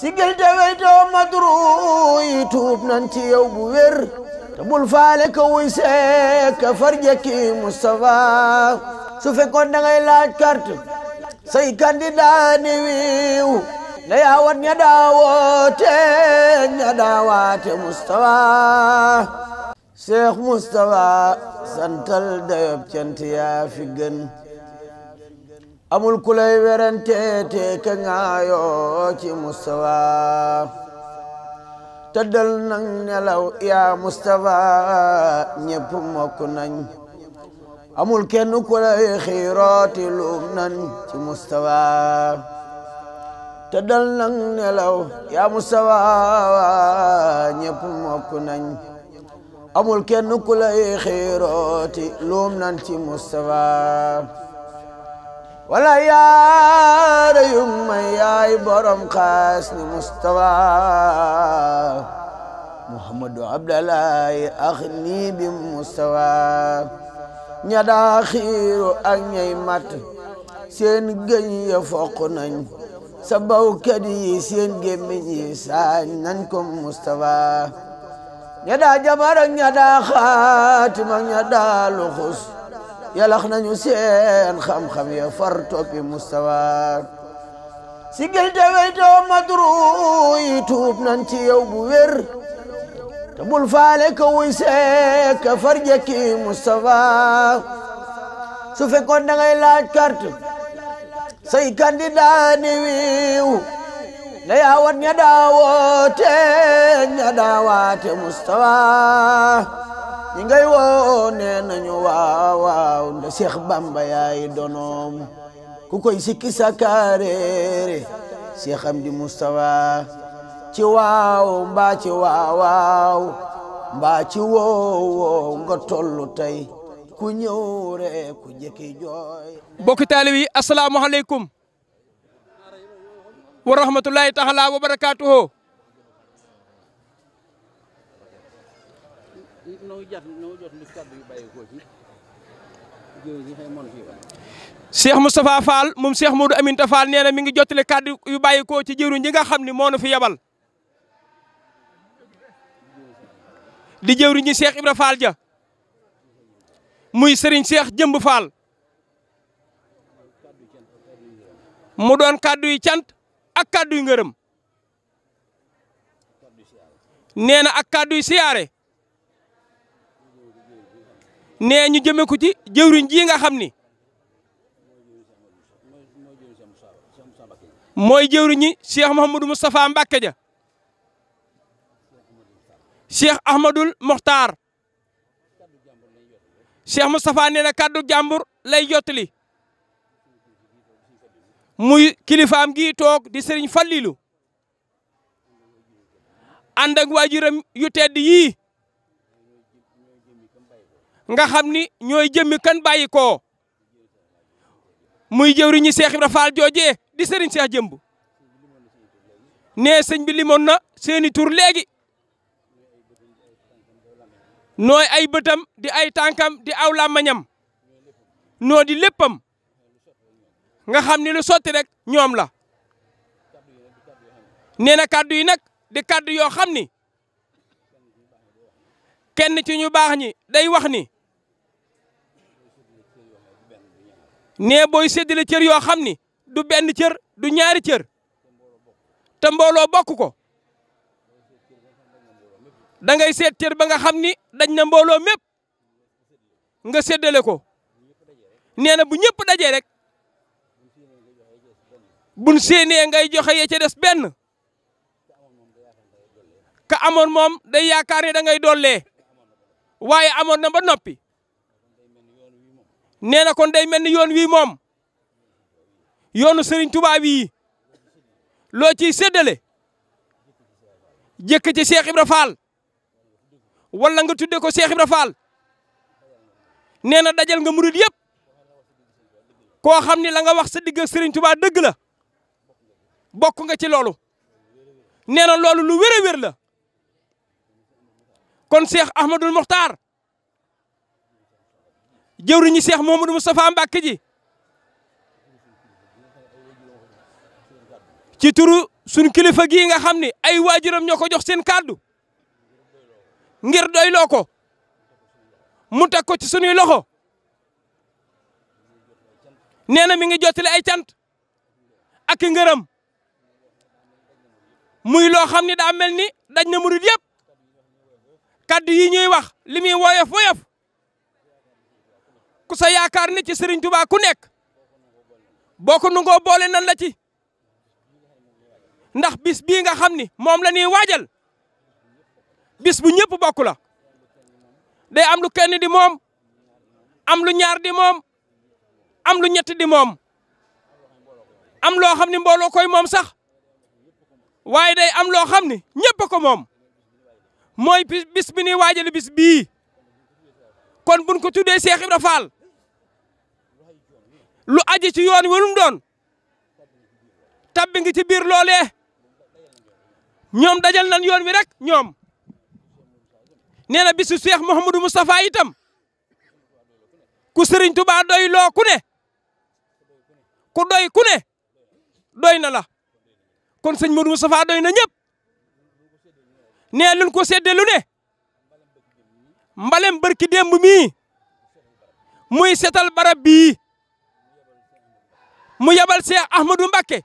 sigil te weytoo madru yi tuub nan ci yow bu wér te bul faale ka wuy seek ka farjekki Moustapha su fekkoon da ngay laaj carte say candidat ni wiiw na yaawat ña daawoote ña daawaate Moustapha Cheikh santal dayob cant yaa fi gën amul ku lay werante te ka ŋaayoo ci Mustafa tëddal nañ nelaw yaa Mustafa ñépp mokk nañ amul kenn ku lay xiirooti luum nañ ci Mustafa tëddal nañ nelaw yaa Mustafa ñépp mokk nañ amul kenn ku lay xiirooti luum nañ ci Mustafa wala yaara yu may yaay borom xaas ni mustawa muhammadu abdalahi ax nii bi ña daa xiiru ak mat seen gëñ ya foq nañ sa bawkat seen gémmiñ yi saañ nañ ko mustawa ña daa jabar ña daa xaatima ña daa luxus yalax nañu seen xam-xam ya far toppi mustawa sigil te weytoo madru yi nan ci yow bu wér te bul faale ka wuy see ka far jekki mustawa su fekkoon da ngay laaj carte say candidat wiiw na yaawat ña daawoote ña ñi ngay woo nee nañu waaw waaw nda Seex Bamba yaay donoom ku koy sikki sa kaareere Seex Amdi Mustafa ci waaw mbaa ci waaw waaw mbaa ci woow woow nga tollu tey ku ñëw ku jëkki jooy bokki taalib yi asalaamaaleykum wa taala wa barakaatuhu noo jot noo jot lu kàddu yu moom Cheikh Modou Aminta Fall nee na mi ngi jottali kàddu yu bàyyi ko ci jëwriñ yi nga xam ni moo nu fi yabal di jëwriñ ñi Cheikh Ibra Fall ja muy Serigne seex Jëmb Fall mu doon kàddu yi cant ak kàddu yu ngërëm nee na ak kàddu siyaare nee ñu jëmee ko ci jëwriñ ji nga xam ni mooy jëwriñ ñi Cheikh Mouhamadou Moustapha Mbacke ja Cheikh Ahmadul Mokhtar Cheikh Moustapha nee na kaddu jàmbur lay jottali muy kilifaam gi toog di Serigne Fallilou ànd ak waajuram yu nga xam ni ñooy jëmmi kan bàyyi koo muy jëwriñu Cheikh Ibra Fall joojee di sëriñ Cheikh Jëmb nee sëñ bi limoon na seeni tur léegi nooy ay bëtam di ay tànkam di aw làmmañam noo di léppam nga xam ni lu sotti rek ñoom la nee na kàddu yi nag di kàddu yoo xam ni kenn ci ñu baax ñi day wax ni nee booy séddale cër yoo xam ni du benn cër du ñaari cër te mbooloo bokk ko dangay ngay seet cër ba nga xam ni dañ na mbooloo mépp nga séddale ko nee na bu ñëpp dajee rek buñ séenee ngay joxe yee des benn ka amoon moom day yaakaar ni da ngay dollee waaye amoon na ba noppi nee na kon day mel ni yoon wii moom yoonu sëriñ Touba wii loo ciy séddale jëkk ci Cheikh Ibra Fall wala nga tudde ko Cheikh Ibra Fall nee na dajal nga murit yépp koo xam ni la nga wax sa digg ak Serigne dëgg la bokk nga ci loolu neena loolu lu wér a wér la kon Cheikh Ahmadul Mokhtar jëwriñu Cheikh momadou mustapha Mbacké ji ci turu sun kilifa gi nga xamni ay wajuram ñoko jox seen kàddu ngir doyloo ko mu teg ko ci sunuy loxo neena mi ngi jotale ay tiant ak ngeeram muy lo xamni ni melni dañ na mourid yeb kaddu yi ñuy wax limi woyof woyof sa yaakaar ne ci Serigne Touba ku nekk boo ko nangoo boole nan la ci ndax bis bii nga xam ni moom la ñuy waajal bis bu ñëpp bokk la day am lu kenn di moom am lu ñaar di moom am lu ñett di moom am loo xam ni mbooloo koy moom sax waaye day am loo xam ni ñëpp ko moom mooy bis bi ñuy waajale bis bii kon buñ ko tuddee Cheikh Ibra Fall lu aji ci yoon wi lu mu doon tabbi ngi ci biir loolee ñoom dajal nañ yoon wi rek ñoom nee na bisu Cheikh Mouhamadou Moustapha itam ku Serigne Touba doy loo ku ne ku doy ku ne doy na la kon sëñ Modou Moustapha doy na ñëpp nee luñ ko séddee lu ne mbalem barki démb muy setal barab mu yebal Cheikh Ahmadou Mbacké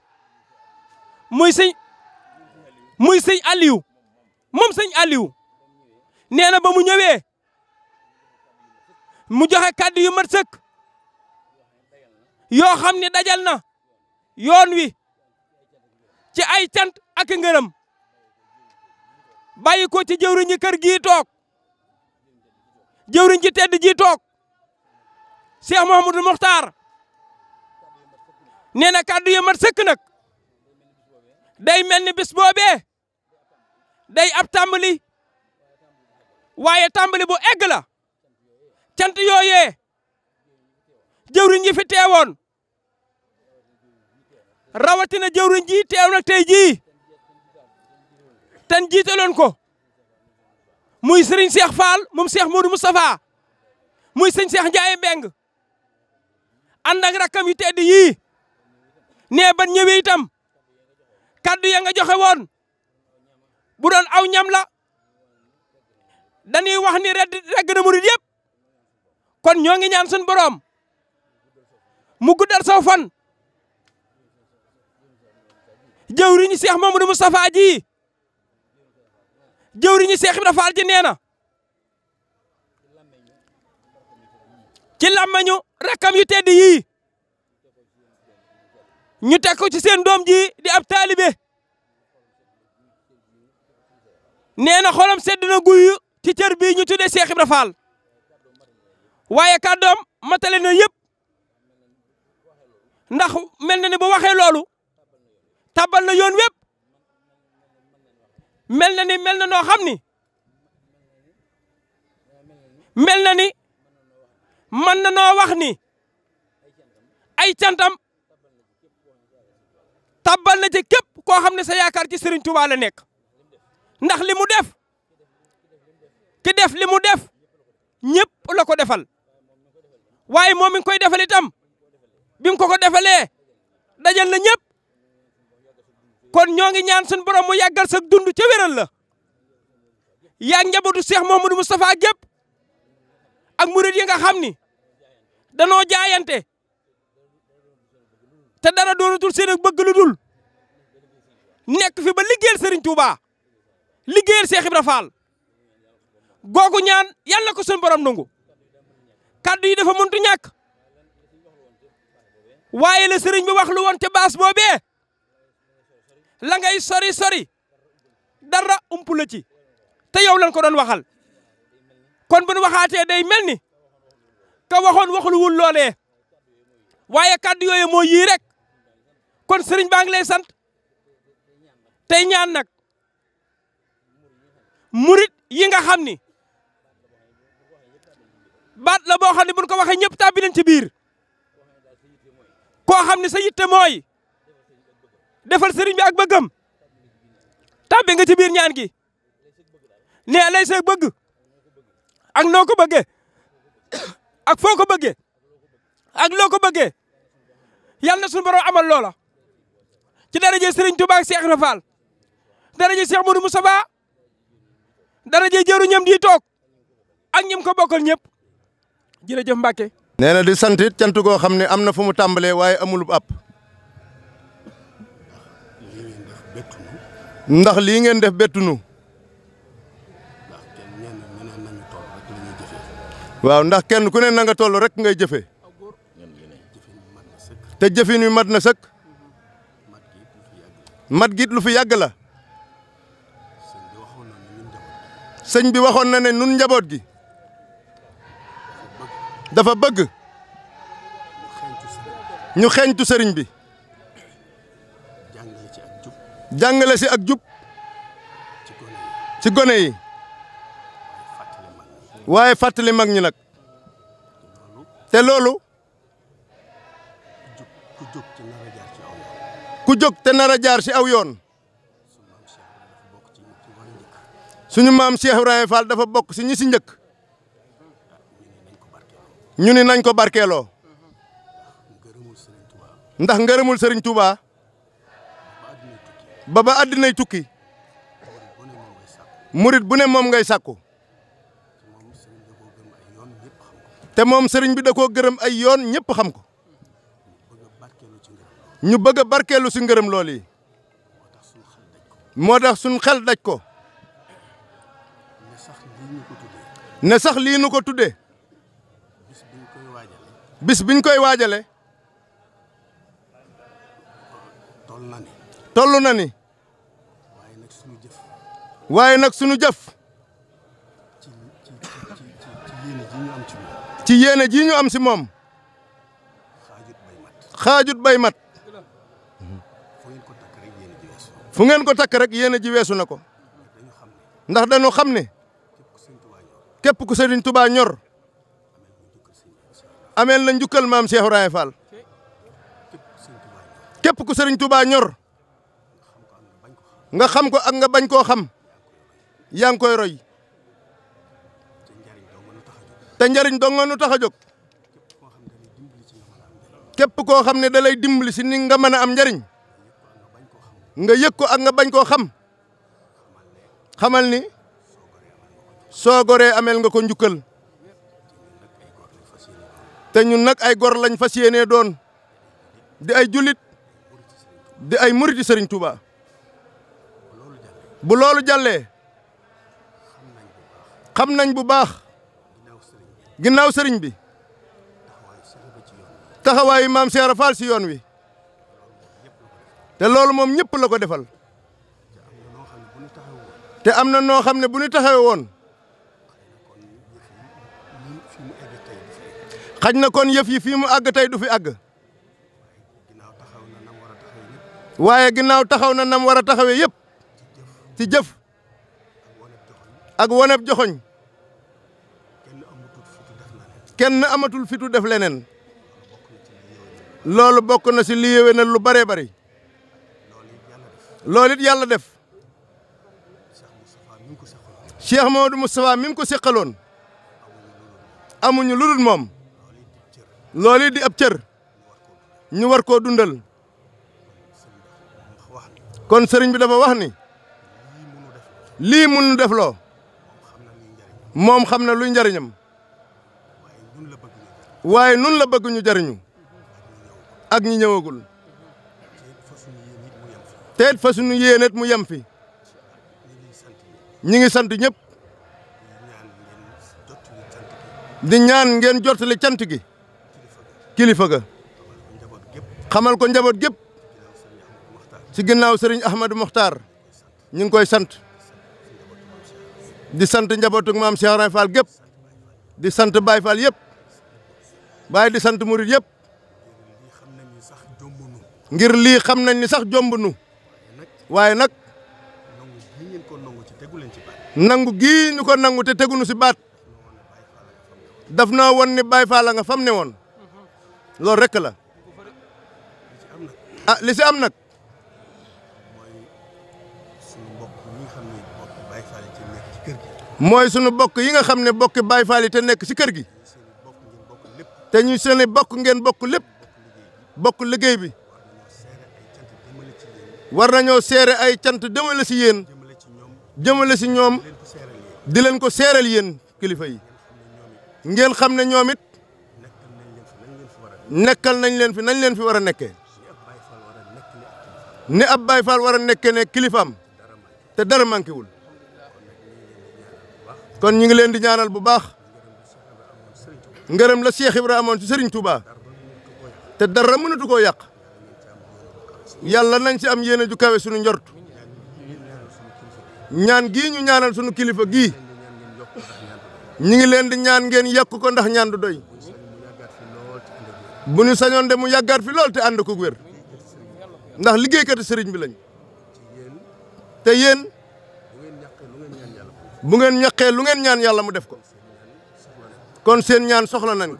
muy sëñ muy sëñ Aliou moom sëñ Aliou nee na ba mu ñëwee mu joxe kàddu yu sëkk yoo xam ni dajal na yoon wi ci ay cant ak ngërëm bàyyi ko ci jëwriñu kër gii toog jëwriñ ci tedd ji toog Cheikh Mouhamadou Mokhtar nee na kàddu yu mat nag day mel ni bis boobee day ab tàmbali waaye tàmbali bu egg cant yooyee jëwriñ fi teewoon rawatina jëwriñ ji teew nag tey jii tan jiitaloon ko muy sëriñ Cheikh Fall moom Cheikh Modou Moustapha muy sëñ Cheikh Ndiaye Mbeng ànd rakkam yu tedd yii ne ban ñëwee itam kaddu ya nga joxe won bu doon aw ñam la dañuy wax ni red reg na murid yeb kon ñoo ngi ñaan suñu borom mu guddal so fan jëwriñu cheikh Mamadou Moustapha ji jëwriñu cheikh Ibra fall ji neena ci lamagnu rakam yu teddi yi ñu teg ko ci seen doom ji di ab nee na xolam sedd na guy ci cër bii ñu tuddee Cheikh Ibra Fall waaye kàddoom matale na yëpp ndax mel na ni bu waxee loolu tabal na yoon wépp mel na ni mel na noo xam ni mel na ni mën na noo wax ni ay cantam tabbal na ci képp koo xam ne sa yaakaar ci Serigne Touba la nekk ndax li mu def ki def li mu def ñëpp la ko defal waaye moom mi ngi koy defal itam bi mu ko ko defalee dajal na ñëpp kon ñoo ngi ñaan suñu borom mu yàggal sa dund ca wéral la yaa njabootu Cheikh Mouhamadou Moustapha gépp ak murid yi nga xam ni danoo jaayante te dara doonatul seen ak bëgg lu dul nekk fi ba liggéeyal Serigne Touba liggéeyal Cheikh Ibra googu ñaan yàlla ko seen borom nangu kaddu yi dafa mëntu ñàkk waaye la Serigne bi wax lu woon ca baas boobee la ngay sori sori dara umpu ci te yow lañ ko doon waxal kon bu nu waxaatee mel ni ka waxoon waxul wul loolee waaye kaddu yooyu moo yii rek. kon sëriñ baa lay sant tay ñaan nak mourid yi nga xamni bat la bo xamni ne buñ ko waxee ñëpp tàbbi nañ ci biir ko xamni sa yitte moy defal sëriñ bi ak bëggam tàbbi nga ci biir ñaan gi ne lay sey bëgg ak noko bëgge ak foko bëgge ak loko bëgge yalla suñu borom amal lola ci daraje Serigne Touba ak Cheikh Ibra Fall daraje saba Modou Moustapha daraje jëruñam di toog ak ñim ko bokkal ñépp jërëjëf Mbacke. nee na di sant it cant goo xam ne am na fu mu tàmbalee waaye amul ab. ndax lii ngeen def bettunu waaw ndax kenn ku ne na nga toll rek ngay jëfe te jëfin wi mat na sëkk mat git lu fi yag la señ bi waxon na ne nun njabot gi dafa bëgg ñu xeeñtu sëriñ bi jàngale si ak jub ci gone yi waye fatali mag ñi ku jog te nara jaar si aw yoon suñu mam Cheikh ibrahim Fall dafa bok ci ñi ci njëkk ñu ni nañ ko barkelo ndax ngeerumul Serigne Touba baba adina tukki murid bu ne mom ngay sakku te mom Serigne bi da ko gërëm ay yoon ñepp xam ko. ñu bëgg a barkeelu ci ngërëm lool yi moo tax suñ xel daj ko ne sax lii nu ko tuddee bis biñ koy waajale toll na ni toll waaye nag suñu jëf ci yéene ji ñu am si moom. xaajut bay mat fu ngeen ko tak rek yene ji wessu nako ndax dañu xamne kep ku serigne touba ñor amel na njukkal maam Cheikh Ibrahima Fall kep ku serigne touba ñor nga xam ko ak nga bañ ko xam yang koy roy te njariñ do nga nu tax képp ko xam da lay dimbali ci ni nga mëna am njariñ nga yëg ko ak nga bañ ko xam xamal ni so goré amel nga ko njukkal té ñun nak ay gor lañ fasiyéné doon di ay julit di ay muriti serigne Touba bu loolu jallé xam nañ bu baax ginnaw serigne bi taxawaayu maam Cheikh Fall si yoon wi te loolu moom ñépp la ko defal te am na noo xam ne bu ñu taxawe woon xaj na kon yëf yi fii mu àgg tey du fi àgg waaye ginnaaw taxaw na nam war a taxawee yépp ci jëf ak wone joxoñ kenn amatul fitu def leneen loolu bokk na si li yéwénal lu bëree bëri loolu yàlla def Cheikh Mamadou Moustapha mi mu ko seqaloon amuñu lu dul moom loolu di ab cër ñu war koo dundal kon sëriñ bi dafa wax ni lii mënu def loo moom xam na luy njariñam waaye nun la bëgguñu jariñu ak ñi ñëwagul teet fa suñu yéenet mu yem fi ñi ngi sant ñëpp di ñaan ngeen jottali cant gi kilifa ga xamal ko njaboot gépp ci ginnaaw sëriñ Ahmadou Mokhtar ñu ngi koy sant di sant njaboot maam Cheikh Ibra gépp di sant Baye Fall yëpp waaye di sant murit yëpp ngir lii xam nañ ni sax jomb nu waaye nag nangu gii ñu ko nangu te tegunu si baat daf na woon ni Baay Faal nga fam ne woon loolu rek la ah li si am nag mooy sunu bokk yi nga xam ne bokki Baay Faal yi te nekk si kër gi te ñu seeni bokk ngeen bokk lépp bokk liggéey bi war nañoo seere ay cant demale si yéen jëmale si ñoom di leen ko seeral yéen kilifa yi ngeen xam ne ñoom it nekkal nañ leen fi nañ leen fi war a nekkee ne ab Baay Faal war a nekkee ne kilifaam te dara manqué wul kon ñu ngi leen di ñaanal bu baax ngërëm la Cheikh Ibrahima amoon ci Serigne Touba te dara mënatu koo yàq. yàlla nañ ci am yéene ju kawe suñu njort ñaan gii ñaanal suñu kilifa gii ñi ngi leen di ñaan ngeen yokk ko ndax ñaan du doy bu ñu sañoon de mu yàggaat fi lool te ànd ko wér ndax liggéeykati sëriñ bi lañ te yéen bu ngeen ñaqee lu ngeen ñaan yàlla mu def ko kon seen ñaan soxla nañ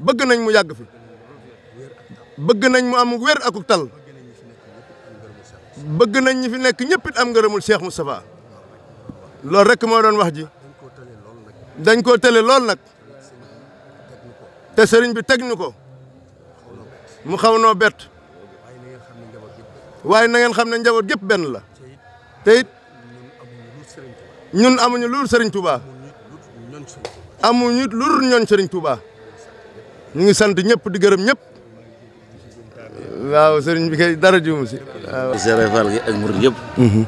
bëgg nañ mu yàgg fi bëgg nañ mu am wér aku tal bëgg nañ ñi fi nekk ñëpp it am ngërëmul Cheikh Moustapha loolu rek moo doon wax ji dañ koo tële lool nag te sëriñ bi teg ñu ko mu xaw noo bett waaye na xam ne njaboot gépp benn la te it ñun amuñu luur sëriñ Touba amuñu luur ñoon sëriñ Touba ñu ngi sant ñëpp di gërëm ñëpp. waaw sëriñ bi kay dara juumu si waaw. Serigne Fall gi ak mur yëpp. Mhm.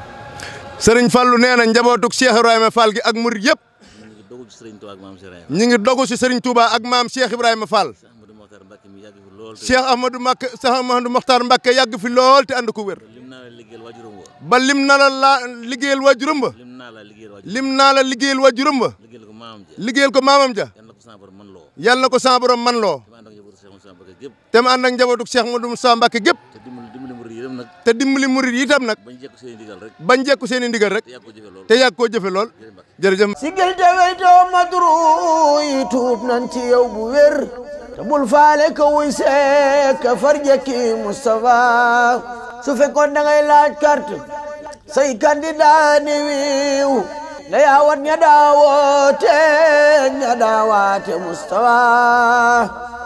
Serigne Fallu nee na njabootug Cheikh Ibrahima Fall gi ak mur yëpp. ñu ngi dogu si Serigne Touba ak maam Cheikh Ibrahima Fall. Cheikh Ahmadou Mbacké Cheikh Ahmadou Mokhtar Mbacké yàgg fi lool te ànd ko wér. ba lim na la la liggéeyal waajuram ba. lim naa la liggéeyal waajuram ba. liggéeyal ko maamam ja. yàlla na ko sa borom man loo. tem andak ànd Cheikh Modou Moussa mbake gep te dimbali murid itam nak ban jekku sen i ndigal rek bañ jekku seen i ndigal rek te yàgg koo jëfe lool madru yi nan ci yow bu wer te bul faale ko wuy ka far jekki su fekkoon da ngay laaj carte say candidat ni wiiw na yaawat ña daawoote ña daawaate mustafa